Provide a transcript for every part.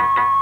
Thank you.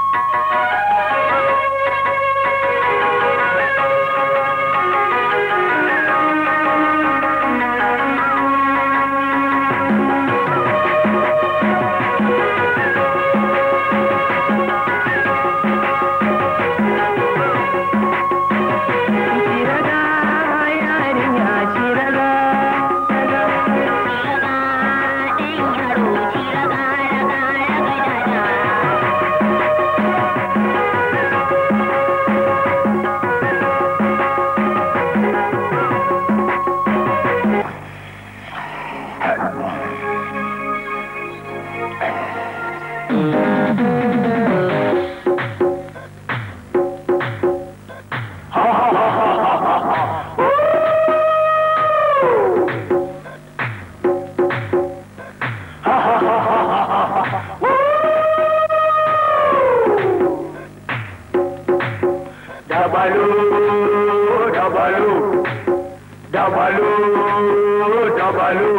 Dabalu, Dabalu, Dabalu.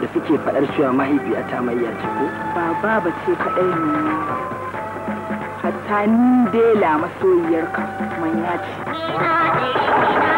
da suke faɗar cewa mahaifiyata mai ya ce ko? Ba baba ce kaɗai ne. Hatta ni dela masoyiyarka manya ce.